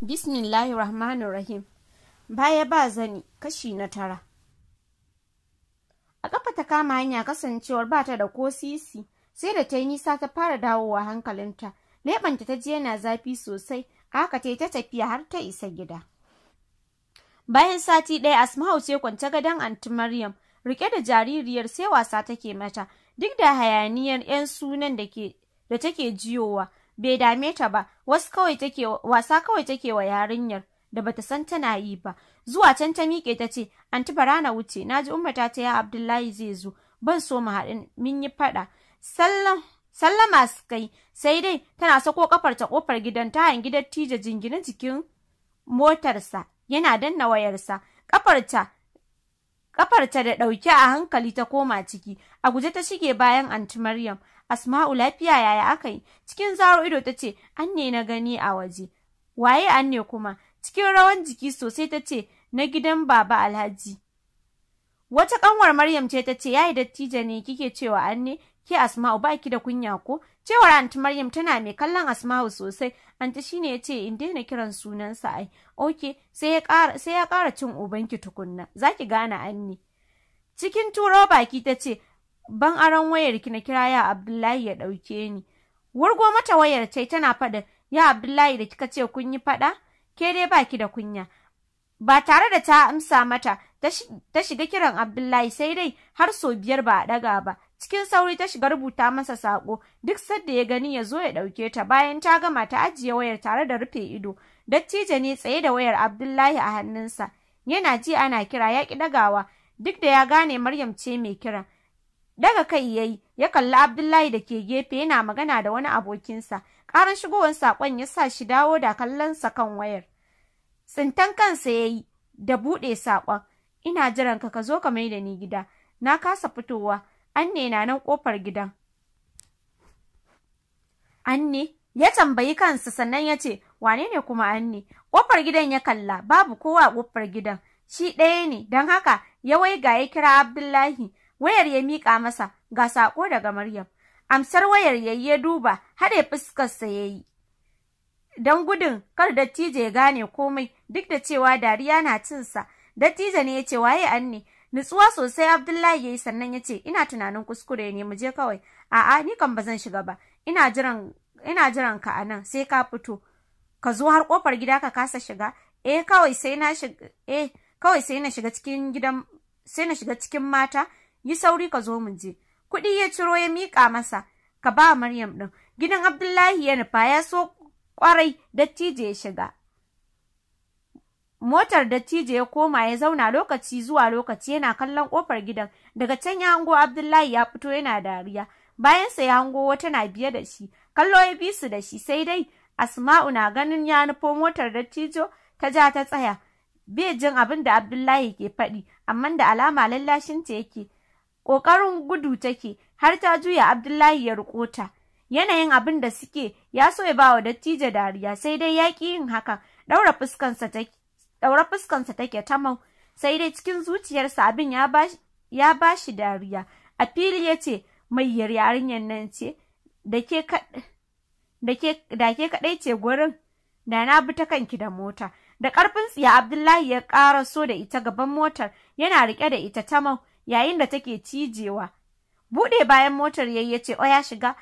bismillahi rahmanu rahim baya ba zani kashi na tara a kafa ta kama hanya kasancewar ba ta da ko sisi sai da ta yi nisa ta fara dawowa hankalinta leɓanta ta ji yana zafi sosai haka ta yi ta tafiya har ta isa gida bayan sati ɗaya asma'u ce kwance gadon anti maryam rike da jaririyar sai wasa take mata duk da hayaniyar 'yan sunan da take jiyowa bai dame ta ba wasu kawai take wasa kawai take wa yarinyar da bata san tana yi ba zuwa can ta miƙe ta ce anti bara na wuce ji umma ta ta ya abdullahi zai zo ban so mu haɗin min yi faɗa sallam sallama su kai sai dai tana sako kafar ta kofar gidan ta hangi dattijo jingine jikin motarsa yana danna wayarsa kafarta kafarta da ɗauke a hankali ta koma ciki a guje ta shige bayan anti maryam Asma'u lafiya yaya aka yi? Cikin zaro ido ta ce, an ne na gani a waje. Waye an ne kuma? Cikin rawan jiki sosai ta ce, na gidan baba Alhaji. Wata ƙanwar Maryam ce ta ce, yayi dattijo ne kike cewa an ne? Ke Asma'u ba ki da kunya ko? Cewar Anti Maryam tana mai kallon Asma'u sosai. Anti shine ya ce in daina kiran sunansa ai. Oke, sai ya ƙara cin ubanki tukunna. Za ki gane an ne. Cikin turo baki ta ce, ban aron ki na kira ya Abdullahi ya ɗauke ni. Wurgo mata wayar ce tana faɗin, ya Abdullahi da kika ce kun yi faɗa? Ke dai ba ki da kunya. Ba tare da ta amsa mata, ta shiga kiran Abdullahi sai dai har sau biyar ba a ɗaga ba. Cikin sauri ta shiga rubuta masa saƙo, duk sadda ya gani ya zo ya ɗauke ta bayan ta gama ta ajiye wayar tare da rufe ido. Dattijo ne tsaye da wayar Abdullahi a hannunsa. Yana ji ana kira ya ki ɗagawa, duk da ya gane Maryam ce mai kira. daga kai yayi ya kalli Abdullahi da ke gefe yana magana da wani abokinsa karan shigowar saƙon ya sa shi dawo da kallonsa kan wayar tsintan kansa ya yi da buɗe saƙon. ina jiran ka ka zo ka mai da ni gida na kasa fitowa an ne na nan kofar gidan anne ya tambayi kansa sannan ya ce wane ne kuma anne Ƙofar gidan ya kalla babu kowa a kofar gidan shi ɗaya ne don haka ya waiga ya kira abdullahi wayar ya miƙa masa ga saƙo daga Maryam. Amsar wayar yayi ya duba haɗe fuskarsa ya yi. Don gudun kar dattijo ya gane komai duk da cewa dariya na cinsa, dattijo ne ya ce waye an ne? Nutsuwa sosai Abdullahi ya yi sannan ya ce ina tunanin kuskure ne mu je kawai. A'a ni kan ba zan shiga ba. Ina jiran ina jiran ka anan sai ka fito. Ka zo har kofar gida ka kasa shiga. Eh kawai eh, kawai sai na shiga cikin mata yi sauri ka zo mu je kuɗi ya ciro ya mika masa ka ba Maryam ɗin gidan Abdullahi ya nufa ya so kwarai dattijo ya shiga motar dattijo ya koma ya zauna lokaci zuwa lokaci yana kallon kofar gidan daga can ya hango Abdullahi ya fito yana dariya sa ya hango wata na biye da shi kallo ya bi su da shi sai dai Asma'u na ganin ya nufo motar dattijo ta ja ta tsaya bai jin abin da Abdullahi ke faɗi amma da alama lallashin lallashinta yake ƙoƙarin gudu take har ta juya Abdullahi ya riƙo ta. Yanayin abin da suke ya so ya bawa dattijo dariya sai dai ya ƙi yin haka ɗaura fuskansa take ɗaura fuskansa tamau sai dai cikin zuciyarsa abin ya ba ya shi dariya a fili ya ce mai yaryarin nan ce da ke kaɗai ce gurin da na bi ta kanki da mota da ƙarfin tsiya abdullahi ya ƙara so da ita gaban motar yana rike da ita tamau yayin da take cijewa. Bude bayan motar yayi yace, "O ya shiga,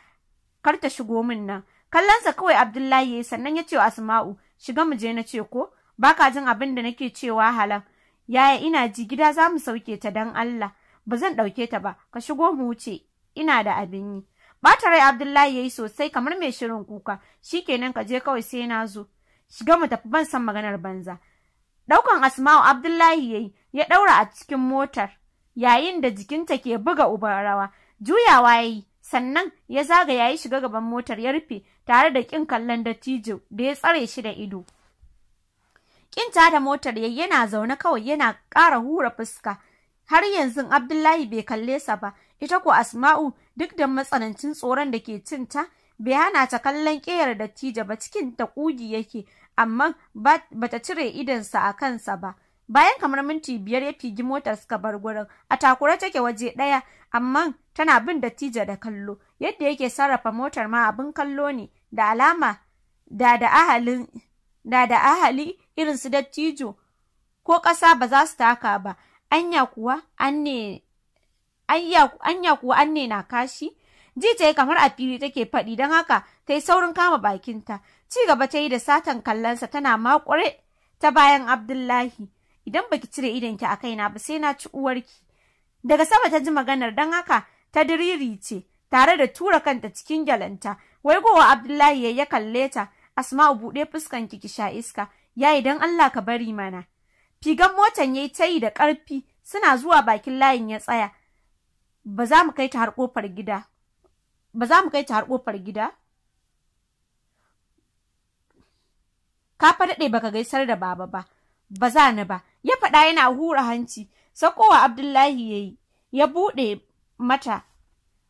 kar ta shigo min nan." Kallonsa kawai Abdullahi yayi sannan ya ce wa Asma'u, "Shiga mu je na ce ko, baka jin abin da nake cewa halan." Yaya ina ji gida za mu sauke ta dan Allah, ba zan ɗauke ta ba, ka shigo mu wuce, ina da abin yi. Bata rai Abdullahi yayi sosai kamar mai shirin kuka, Shikenan ka je kawai sai na zo. Shiga mu tafi ban san maganar banza. Ɗaukan Asma'u Abdullahi yayi ya ɗaura a cikin motar. yayin da jikinta ke buga uban rawa juyawa ya yi sannan ya zaga ya yi shiga gaban motar ya rufe tare da ƙin kallon dattijo da ya tsare shi da ido ta da motar yayi yana zaune kawai yana ƙara hura fuska har yanzu Abdullahi bai kalle sa ba ita ko Asma'u duk da matsanancin tsoron da ke cinta bai hana ta kallon ƙeyar dattijo ba cikin ta ƙugi yake amma ba ta cire idonsa a kansa ba bayan kamar minti biyar ya figi motar suka bar gurin a takura take waje ɗaya amma tana bin dattijo da kallo yadda yake sarrafa motar ma abin kallo ne da alama da da ahalin ahali irin su dattijo ko ƙasa ba za su taka ba anya kuwa an ne na kashi ji ta yi kamar a fili take faɗi don haka ta yi saurin kama bakinta ci gaba ta yi da satan kallonsa tana makure ta bayan abdullahi idan baki cire idonki a kaina ba sai na ci uwarki daga sama ta ji maganar dan haka ta diriri ce tare da tura kanta cikin gyalanta wai gowa abdullahi ya kalle ta asma'u buɗe fuskan ki ki sha iska ya idan allah ka bari mana figan motan yayi ta yi da ƙarfi suna zuwa bakin layin ya tsaya ba za mu kai ta har ƙofar gida ba za mu kai ta har kofar gida ka fa baka gaisar da baba ba ba za ni ba, ya faɗa yana hura hanci, sakowa Abdullahi ya yi, ya buɗe mata,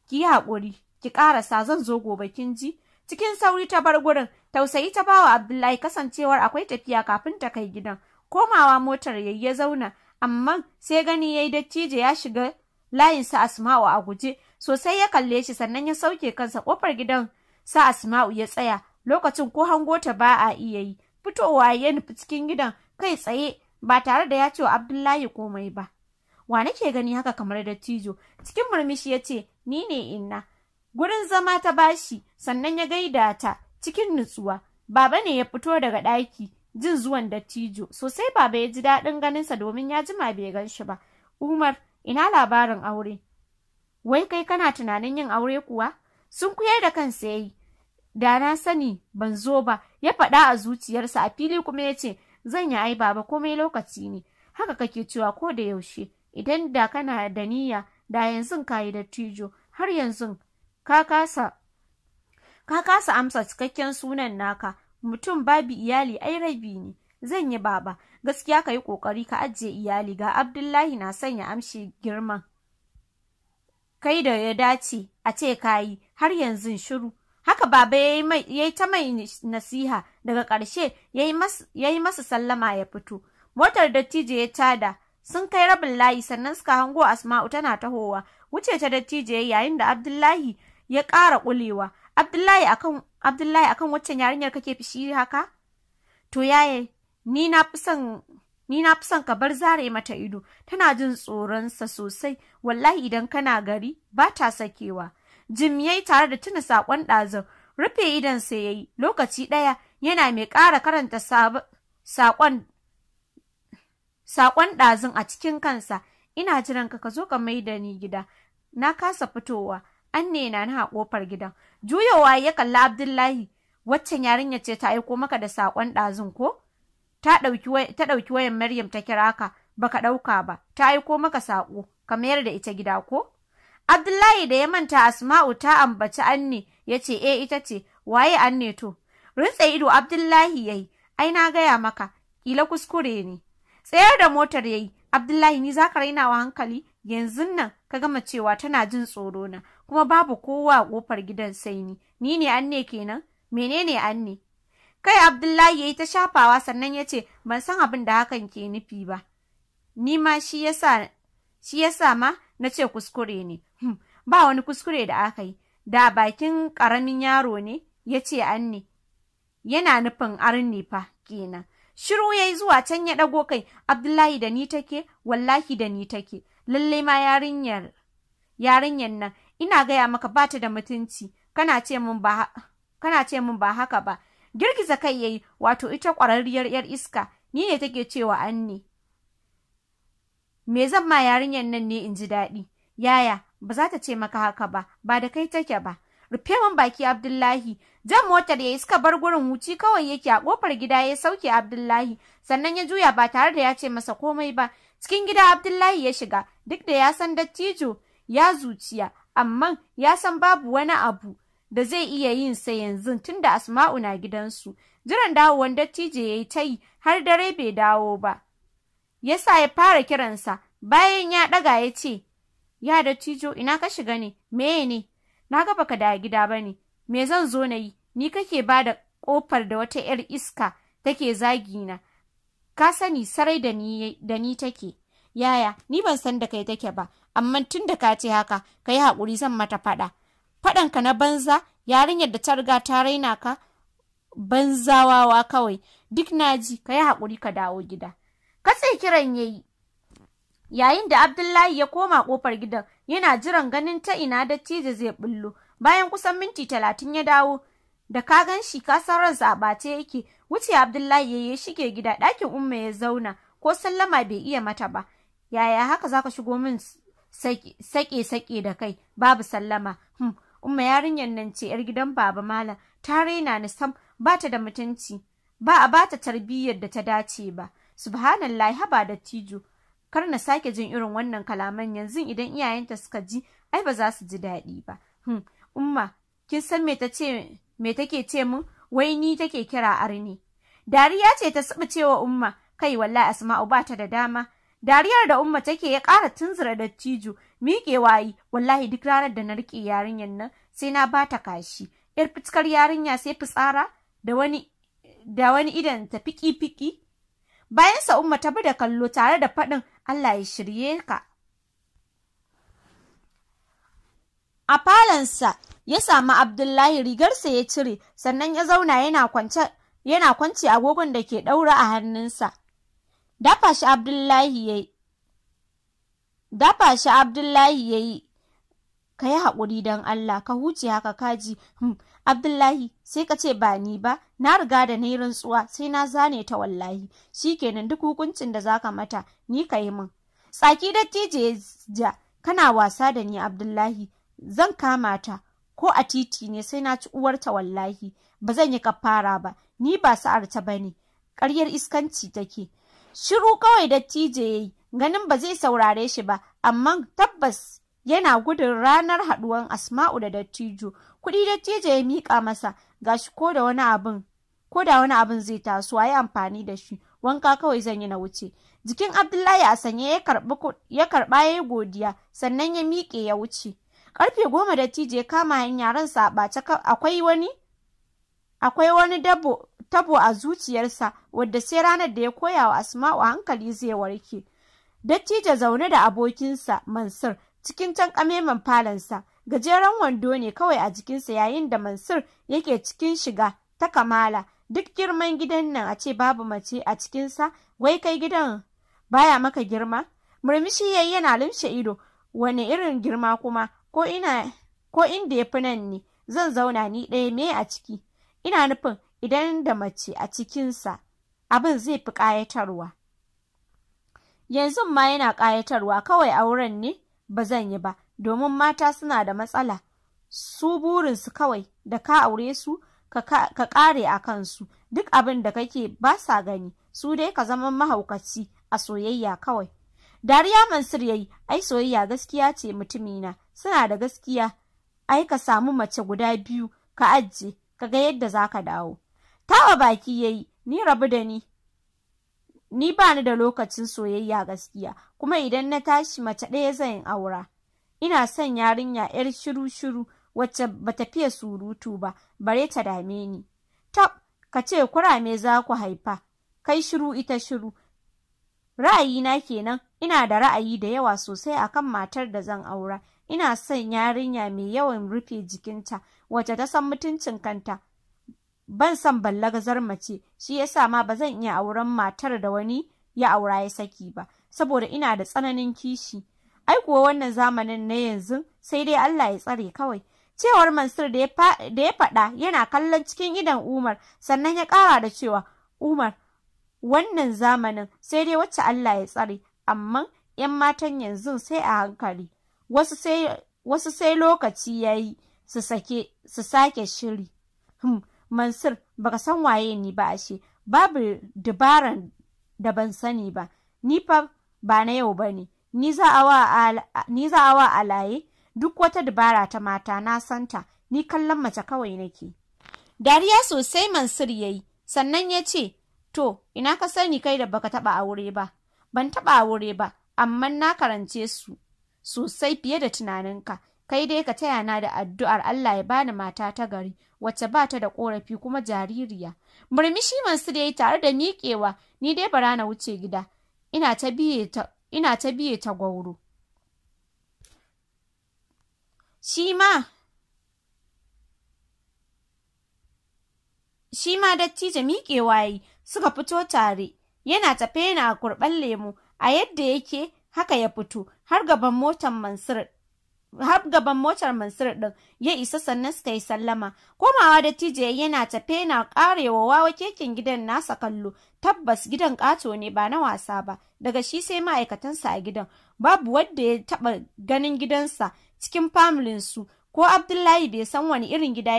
ki yi haƙuri, ki ƙarasa zan zo gobe kin ji, cikin sauri ta bar gurin, tausayi ta bawa Abdullahi kasancewar akwai tafiya kafin ta kai gidan, komawa motar yayi ya zauna, amma sai gani ya yi dattijo ya shiga layin sa Asma'u a guje, sosai ya kalle shi sannan ya sauke kansa ƙofar gidan sa Asma'u ya tsaya, lokacin ko hango ta ba a iya yi, fitowa ya nufi cikin gidan kai tsaye ba tare da ya ce wa Abdullahi komai ba. Wa nake gani haka kamar dattijo, cikin murmushi ya ce, Ni ne inna, gurin zama ta bashi, sannan ya gaida ta cikin nutsuwa. Baba ne ya fito daga ɗaki, jin zuwan dattijo, sosai baba ya ji daɗin ganinsa domin ya jima bai gan shi ba. Umar, ina labarin aure? Wai kai kana tunanin yin aure kuwa? Sun kuyar da kansa yayi. Da na sani ban zo ba, ya faɗa a zuciyarsa a fili kuma ya ce, zan yi ai baba komai lokaci ne haka kake cewa ko da yaushe idan da kana da niyya da yanzu ka yi dattijo har yanzu ka kasa ka kasa amsa cikakken sunan naka mutum babu iyali ai rabi ne zan yi baba gaskiya ka yi kokari ka ajiye iyali ga abdullahi na sanya amshi girman kai da ya dace a ce ka yi har yanzu shiru Haka baba ya yi ta mai nasiha daga ƙarshe ya yi masa sallama ya fito. Motar dattijo ya tada sun kai rabin layi sannan suka hango Asma'u tana tahowa. Wuce ta dattijo yayin da Abdullahi ya ƙara ƙulewa. Abdullahi akan Abdullahi akan waccan yarinyar kake fishi haka? To yaye, ni na fi son ka bar zare mata ido, tana jin tsoronsa sosai, wallahi idan kana gari ba ta sakewa. jim ya yi tare da tuna sakon ɗazun rufe idan sai yi lokaci ɗaya yana mai ƙara karanta saƙon ɗazin a cikin kansa ina jiran ka zo ka mai da ni gida na kasa fitowa an ne na na kofar gidan juyawa ya kalli abdullahi waccan yarinya ce ta aiko maka da sakon ɗazun ko ta ɗauki wayan maryam ta kira ka baka ɗauka ba ta aiko maka saƙo ka mayar da ita gida ko Abdullahi da ya manta Asma'u ta ambaci Anne ya ce e ita ce waye Anne to rintse ido Abdullahi ya yi. ai na gaya maka kila kuskure ne tsayar da motar ya yi, Abdullahi ni zaka raina wa hankali yanzu nan ka gama cewa tana jin tsoro na kuma babu kowa kofar gidan sai ni ni ne Anne kenan menene Anne kai Abdullahi ya yi ta shafawa sannan ya ce ban san abin da hakan ke nufi ba ni ma shi yasa shi yasa ma na ce kuskure ne hmm, ba wani kuskure da aka yi da bakin ƙaramin yaro ne ya ce ne. yana nufin arni fa kenan shiru ya yi zuwa can ya ɗago kai abdullahi da ni take wallahi da ni take lallai ma yarinyar yarinyar nan ina gaya maka ba ta da mutunci kana ce min ba kana ce min ba haka ba girgiza kai ya yi. wato ita ƙwararriyar yar iska ni ne take cewa anne Me zan ma yarinyar nan ne in ji daɗi. Yaya, ba za ta ce maka haka ba, ba da kai take ba. Rufe min baki Abdullahi, jan motar ya iska bar gurin wuci kawai yake a kofar gida ya sauke Abdullahi, sannan ya juya ba tare da ya ce masa komai ba. Cikin gida Abdullahi ya shiga, duk da ya san dattijo ya zuciya, amma ya san babu wani abu da zai iya yin sa yanzu tunda Asma'u na gidansu. Jiran dawowan dattijo ya yi ta yi har dare bai dawo ba. ya sa ya fara kiransa bayan ya ɗaga ya ce, Ya da Tijo, ina ka shiga ne, meye ne, na ga baka da gida ba ne, me zan zo na yi, ni kake ba da ƙofar da wata ‘yar iska take zagina, ka sani sarai da ni take. Yaya, ni ban san da kai take ba, amma tun da ka ce haka, ka yi haƙuri zan mata faɗa. Faɗanka na banza, yarinyar da ta riga ta raina ka, banzawawa kawai, duk naji, ka yi haƙuri ka dawo gida. katse kiran ya yi yayin da abdullahi ya koma kofar gidan yana jiran ganin ta ina dattijo zai bullo bayan kusan minti talatin ya dawo da ka gan shi ka san ransa a ɓace yake wuce abdullahi ya shige gida ɗakin umma ya zauna ko sallama bai iya mata ba yaya haka zaka shigo min sake-sake da kai babu sallama hmm. umma yarinyar nan ce yar gidan baba mala ta raina ni sam bata da mutunci ba a bata tarbiyyar da ta dace ba subhanallah haba da tijo kar na sake jin irin wannan kalaman yanzu idan iyayenta suka ji ai ba za su ji daɗi ba hmm. umma kin san me ta ce take ce mun wai ni take kira arni dariya ce ta saba cewa umma kai wallahi asma'u ba ta da dama dariyar da umma take ya ƙara tunzura dattijo. tijo miƙe wayi wallahi duk ranar da na riƙe yarinyar nan sai na ba ta kashi yar fitkar yarinya sai fitsara da wani da idan ta fiki fiki Bayan sa Umma ta bi da kallo tare da faɗin Allah ya shirye ka. A falansa ya sami Abdullahi rigarsa ya cire sannan ya zauna yana kwance agogon da ke ɗaura a hannunsa. Dafa shi Abdullahi ya yi. Dafa shi Abdullahi ya yi. Ka yi haƙuri don Allah, ka huce haka kaji, hmm, Abdullahi sai ka ce ba ni ba na riga da ni rantsuwa sai na zane ta wallahi shi kenan duk hukuncin da zaka mata ni ka yi min tsaki dattijo ja kana wasa da ni Abdullahi zan kama ta ko a titi ne sai na ci uwar ta wallahi ba zan yi kafara ba ni ba sa'arta ba ne ƙaryar iskanci take shiru kawai ya yi ganin ba zai saurare shi ba amma tabbas yana gudun ranar haɗuwan Asma'u da dattijo. Kuɗi dattijo ya miƙa masa gashi ko da wani abin ko da wani abin zai taso a yi amfani da shi wanka kawai zan yi na wuce. Jikin Abdullahi a sanye ya karɓa ya yi godiya sannan ya miƙe ya wuce. Ƙarfe goma dattijo ya kama hanya ransa a ɓace akwai wani akwai wani dabo tabo a zuciyarsa wadda sai ranar da ya koya wa Asma'u a hankali zai warke. Dattijo zaune da abokinsa Mansur cikin tankameman falansa gajeren wando ne kawai a jikinsa yayin da mansur yake cikin shiga ta kamala duk girman gidan nan a ce babu mace a cikinsa wai kai gidan baya maka girma murmushi yayi yana lumshe ido wani irin girma kuma ko ina ko inda ya fi nan ne zan zauna ni ɗaya me a ciki ina nufin idan da mace a cikinsa abin zai fi ƙayatarwa yanzu ma yana ƙayatarwa kawai auren ne ba zan yi ba domin mata suna da matsala su burinsu kawai da ka aure su ka kare a kansu duk abin da kake ba sa gani su dai ka zama mahaukaci a soyayya kawai dariya mansur yayi ai soyayya gaskiya ce mutumina suna da gaskiya ai ka samu mace guda biyu ka ajiye ka ga yadda za ka dawo tawa baki yayi ni rabu da ni ni ba ni da lokacin soyayya gaskiya kuma idan na tashi mace ɗaya zan aura ina son yarinya yar shiru shiru wacce bata fiye surutu ba bare ta dame ni tab ka ce kura me za ku haifa kai shiru ita shiru Ra'ayi ra'ayina kenan ina da ra'ayi da yawa sosai akan matar da zan aura ina son yarinya mai yawan rufe jikinta wacce ta san mutuncin kanta ban son ballagazar mace shi yasa ma ba zan iya auren matar da wani ya aura ya saki ba saboda ina da tsananin kishi ai kuwa wannan zamanin na yanzu sai dai Allah ya tsare kawai cewar Mansur da ya faɗa yana kallon cikin idan Umar sannan ya ƙara da cewa Umar wannan zamanin sai dai wacce Allah ya tsare amma 'yan matan yanzu sai a hankali wasu sai lokaci ya yi su sake shiri hmm, Mansur baka san waye ni ba ashe babu dabaran da ban sani ba ni fa ba na yau ba ne ni za a wa alaye duk wata dabara ta mata na santa ni kallon mace kawai nake dariya sosai mansur ya yi sannan ya ce to ina ka sani kai da baka taba aure ba ban taba aure ba amma na karance su sosai fiye da tunaninka kai dai ka taya na da addu'ar Allah ya bani mata ta gari wacce ba ta da korafi kuma jaririya murmushi Mansur dai tare da miƙewa ni dai bara na wuce gida ina ta biye ta ina ta biye ta gwauro shi ma shi ma dattijo miƙewa yi suka fito tare yana tafe yana a kurɓan lemu a yadda yake haka ya fito har gaban motar Mansur har gaban motar Mansur din ya isa sannan suka yi sallama. Komawa da TJ yana tafe na karewa wawa kekin gidan nasa kallo. Tabbas gidan kato ne ba na wasa ba. Daga shi sai ma'aikatansa a gidan. Babu wanda ya taɓa ganin gidansa cikin su ko Abdullahi bai san wani irin gida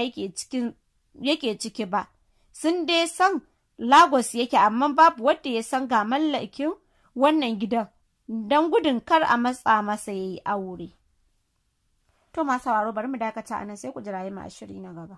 yake ciki ba. Sun dai san Lagos yake amma babu wadda ya san ga mallakin wannan gidan. Don gudun kar a matsa masa ya yi aure. to masu sauraro bari mu dakata anan sai ku jira mu a shiri na gaba